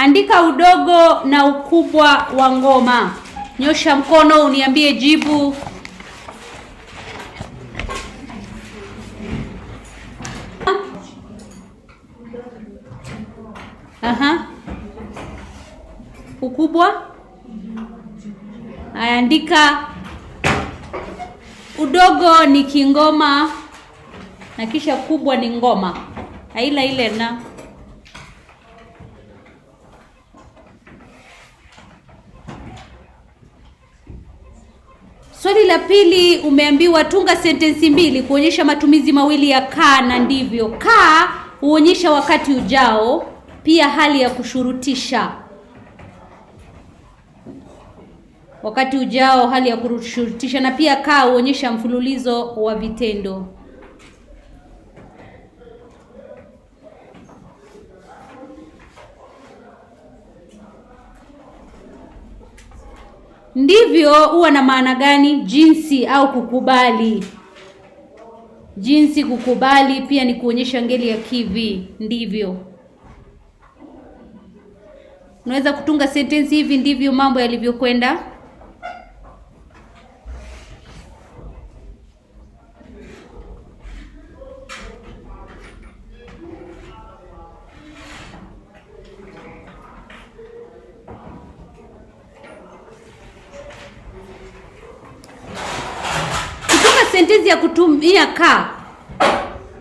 Andika udogo na ukubwa wa ngoma. Nyosha mkono uniambie jibu. Aha. Ukubwa? Ayaandika udogo ni kingoma na kisha kubwa ni ngoma. Aila ile na Swali la pili, umeambiwa tunga sentensi mbili kuonyesha matumizi mawili ya ka na ndivyo. ka huonyesha wakati ujao, pia hali ya kushurutisha. Wakati ujao, hali ya kushurutisha, na pia ka huonyesha mfululizo wa vitendo. ndivyo huwa na maana gani? Jinsi au kukubali. Jinsi, kukubali pia ni kuonyesha ngeli ya kivi. Ndivyo unaweza kutunga sentensi hivi, ndivyo mambo yalivyokwenda.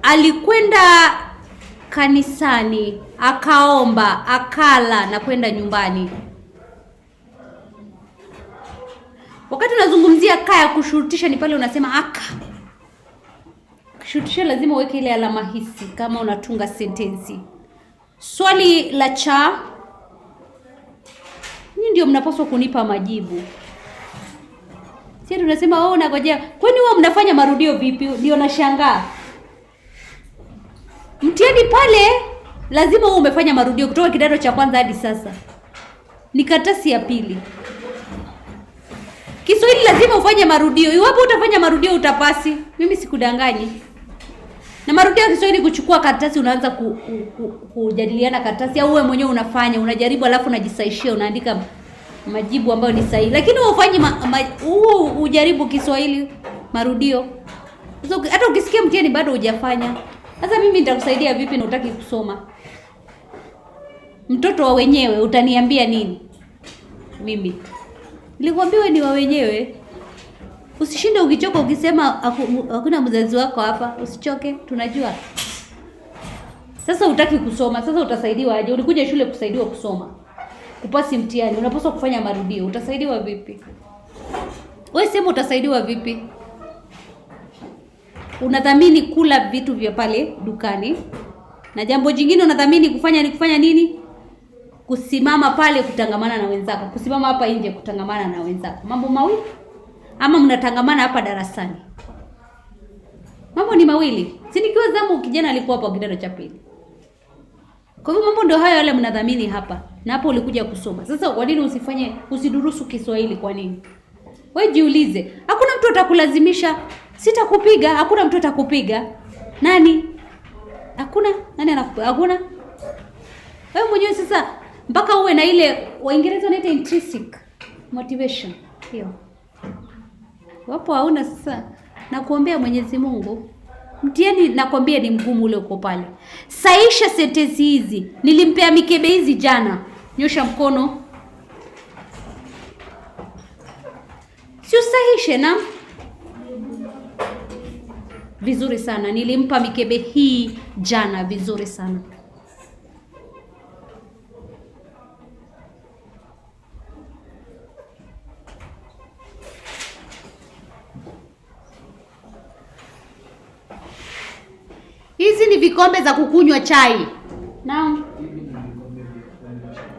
alikwenda kanisani akaomba akala na kwenda nyumbani. Wakati unazungumzia kaa ya kushurutisha, ni pale unasema aka kushurutisha, lazima uweke ile alama hisi kama unatunga sentensi. Swali la cha nyinyi ndio mnapaswa kunipa majibu. Sisi tunasema wewe oh, nangojea. Kwani wewe mnafanya marudio vipi? Ndio nashangaa mtihani pale lazima wewe umefanya marudio kutoka kidato cha kwanza hadi sasa, ni karatasi ya pili. Kiswahili lazima ufanye marudio. Iwapo utafanya marudio utapasi, mimi sikudanganyi. Na marudio ya Kiswahili kuchukua karatasi, unaanza ku, ku, ku, kujadiliana karatasi au wewe mwenyewe unafanya unajaribu, alafu unajisaishia unaandika majibu ambayo ni sahihi, lakini wewe ufanye huu ujaribu Kiswahili marudio. Hata ukisikia mtihani bado hujafanya sasa mimi nitakusaidia vipi na utaki kusoma? Mtoto wa wenyewe utaniambia nini? Mimi nilikwambia ni wa wenyewe. Usishinde ukichoka ukisema hakuna mzazi wako hapa. Usichoke, tunajua. Sasa utaki kusoma, sasa utasaidiwa aje? Ulikuja shule kusaidiwa kusoma, kupasi mtihani, unapaswa kufanya marudio. Utasaidiwa vipi? Wewe sema utasaidiwa vipi? unathamini kula vitu vya pale dukani, na jambo jingine unathamini kufanya ni kufanya nini? Kusimama pale kutangamana na wenzako, kusimama hapa nje kutangamana na wenzako, mambo mawili. Ama mnatangamana hapa darasani, mambo ni mawili. Si nikiwa zamu kijana alikuwa hapa kidato cha pili. Kwa hivyo mambo ndio hayo yale mnadhamini hapa na hapo, ulikuja kusoma. Sasa kwa nini usifanye usidurusu Kiswahili? Kwa nini? Wewe jiulize, hakuna mtu atakulazimisha Sitakupiga, hakuna mtu atakupiga. Nani? Hakuna. Nani anakupiga? Hakuna. Wewe mwenyewe sasa mpaka uwe na ile Waingereza wanaita intrinsic motivation. Hiyo. Wapo hauna sasa. Nakuombea Mwenyezi Mungu. Mtihani nakwambia ni mgumu ule uko pale. Saisha sentensi hizi. Nilimpea mikebe hizi jana. Nyosha mkono. Si na vizuri sana. Nilimpa mikebe hii jana vizuri sana. Hizi ni vikombe za kukunywa chai. Naam,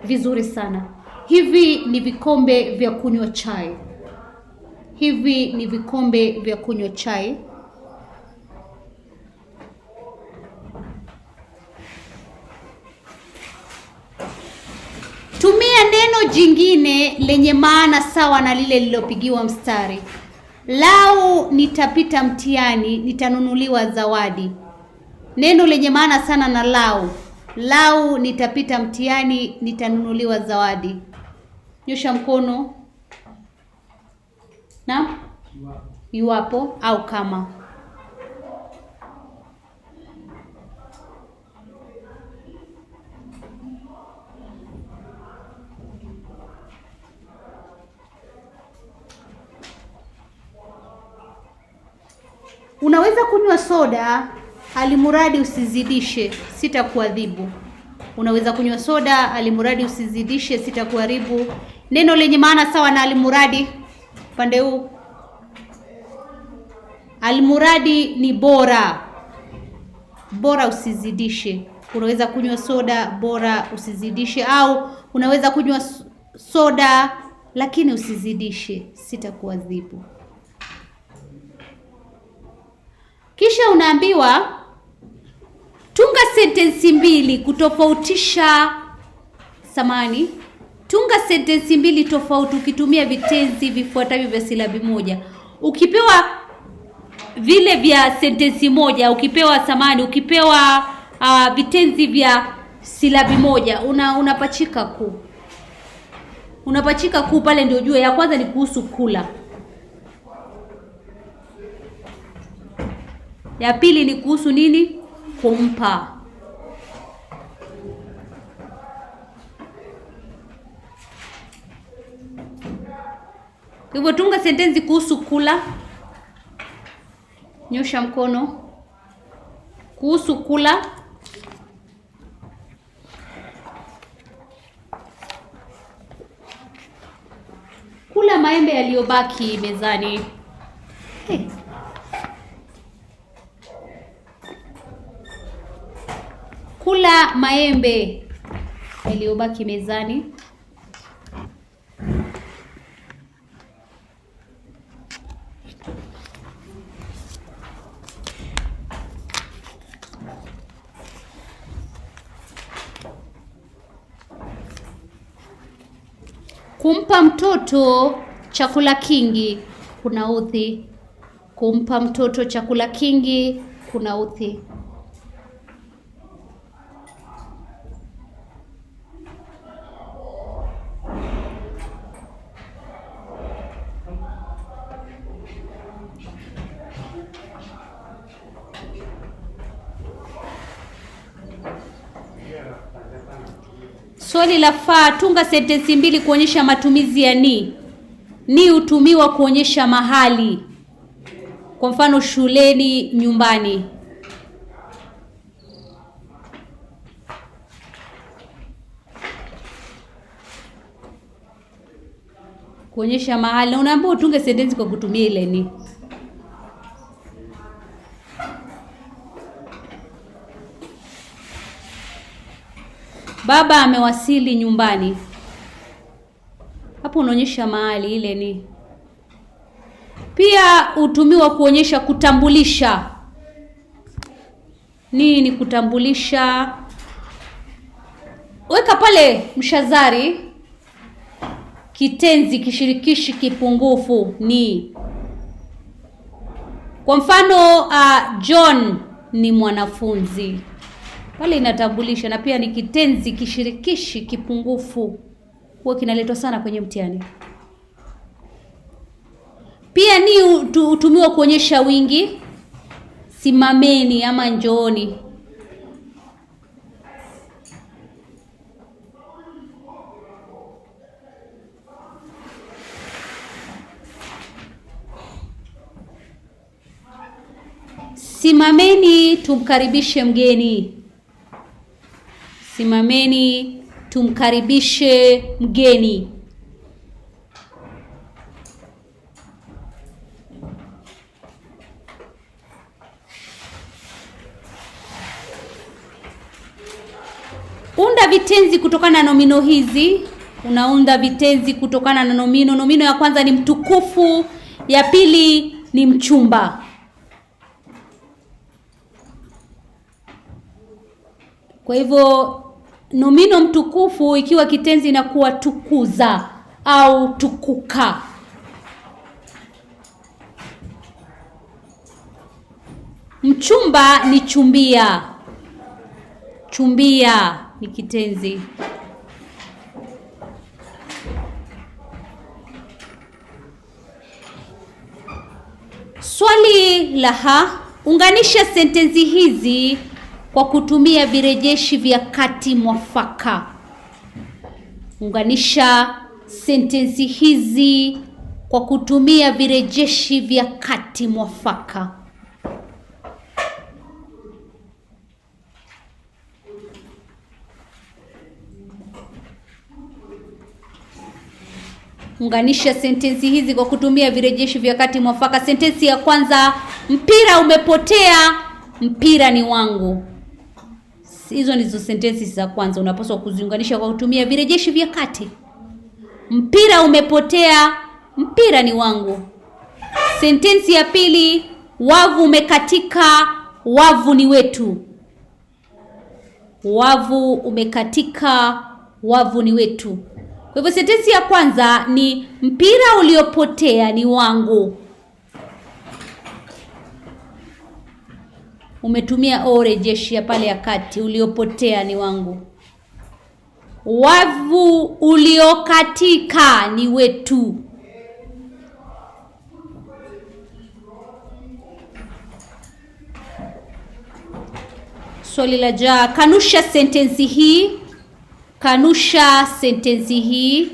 vizuri sana. Hivi ni vikombe vya kunywa chai. Hivi ni vikombe vya kunywa chai. neno jingine lenye maana sawa na lile lililopigiwa mstari, lau nitapita mtihani nitanunuliwa zawadi. Neno lenye maana sana na lau, lau nitapita mtihani nitanunuliwa zawadi. Nyosha mkono na iwapo au kama Unaweza kunywa soda, alimuradi usizidishe, sitakuadhibu. Unaweza kunywa soda, alimuradi usizidishe, sitakuharibu. Neno lenye maana sawa na alimuradi. pande huu alimuradi ni bora, bora usizidishe. Unaweza kunywa soda, bora usizidishe, au unaweza kunywa soda lakini usizidishe, sitakuadhibu. Kisha unaambiwa tunga sentensi mbili kutofautisha samani, tunga sentensi mbili tofauti ukitumia vitenzi vifuatavyo vya silabi moja. Ukipewa vile vya sentensi moja, ukipewa samani, ukipewa uh, vitenzi vya silabi moja, una unapachika ku unapachika ku pale, ndio jua ya kwanza ni kuhusu kula Ya pili ni kuhusu nini? Kumpa. Hivyo tunga sentensi kuhusu kula. Nyosha mkono. Kuhusu kula. Kula maembe yaliyobaki mezani. kula maembe yaliyobaki mezani. Kumpa mtoto chakula kingi kuna udhi. Kumpa mtoto chakula kingi kuna udhi. Swali la faa, tunga sentensi mbili kuonyesha matumizi ya ni. Ni hutumiwa kuonyesha mahali, kwa mfano shuleni, nyumbani. Kuonyesha mahali, na unaambiwa utunge sentensi kwa kutumia ile ni. Baba amewasili nyumbani. Hapo unaonyesha mahali ile ni. Pia hutumiwa kuonyesha kutambulisha. Nini kutambulisha? Weka pale mshazari kitenzi kishirikishi kipungufu ni. Kwa mfano uh, John ni mwanafunzi pale inatambulisha, na pia ni kitenzi kishirikishi kipungufu, huwa kinaletwa sana kwenye mtihani. Pia ni hutumiwa kuonyesha wingi, simameni ama njooni. Simameni tumkaribishe mgeni. Simameni tumkaribishe mgeni. Unda vitenzi kutokana na nomino hizi. Unaunda vitenzi kutokana na nomino. Nomino ya kwanza ni mtukufu, ya pili ni mchumba. Kwa hivyo nomino mtukufu ikiwa kitenzi inakuwa tukuza au tukuka. Mchumba ni chumbia, chumbia ni kitenzi. Swali la ha, unganisha sentensi hizi kwa kutumia virejeshi vya kati mwafaka. Unganisha sentensi hizi kwa kutumia virejeshi vya kati mwafaka. Unganisha sentensi hizi kwa kutumia virejeshi vya kati mwafaka. Sentensi ya kwanza, mpira umepotea, mpira ni wangu. Hizo ndizo sentensi za kwanza unapaswa kuziunganisha kwa kutumia virejeshi vya kati. Mpira umepotea, mpira ni wangu. Sentensi ya pili, wavu umekatika, wavu ni wetu. Wavu umekatika, wavu ni wetu. Kwa hivyo sentensi ya kwanza ni mpira uliopotea ni wangu. umetumia o rejeshia pale ya kati. Uliopotea ni wangu. Wavu uliokatika ni wetu. Swali la jaa, kanusha sentensi hii. Kanusha sentensi hii.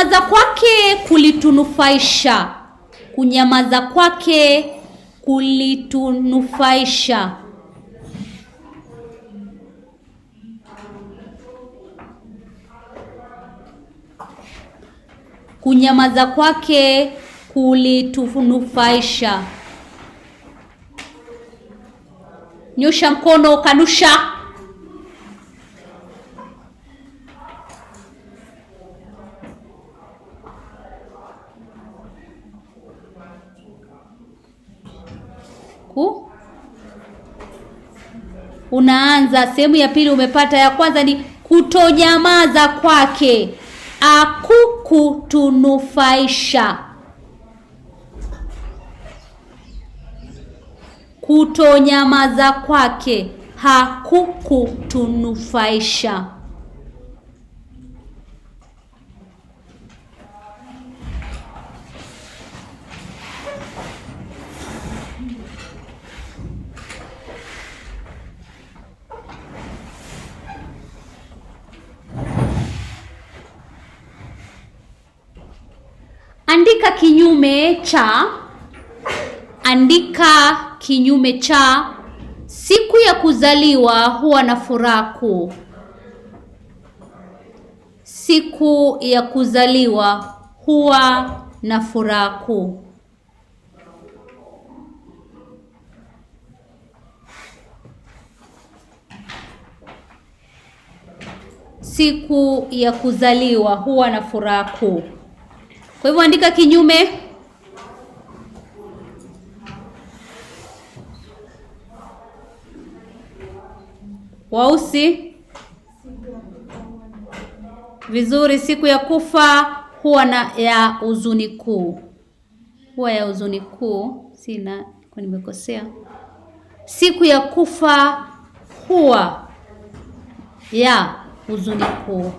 Kunyamaza kwake kulitunufaisha, kunyamaza kwake kulitunufaisha. Kunyamaza kwake kulitunufaisha. Nyosha mkono, kanusha. ku unaanza sehemu ya pili umepata. Ya kwanza ni kutojamaza kwake akukutunufaisha, kutonyamaza kwake hakukutunufaisha. andika kinyume cha, andika kinyume cha. Siku ya kuzaliwa huwa na furaha kuu. Siku ya kuzaliwa huwa na furaha kuu. Siku ya kuzaliwa huwa na furaha kuu. Kwa hivyo andika kinyume wausi vizuri. Siku ya kufa huwa na ya huzuni kuu, huwa ya huzuni kuu. Sina kwa nimekosea. Siku ya kufa huwa ya huzuni kuu.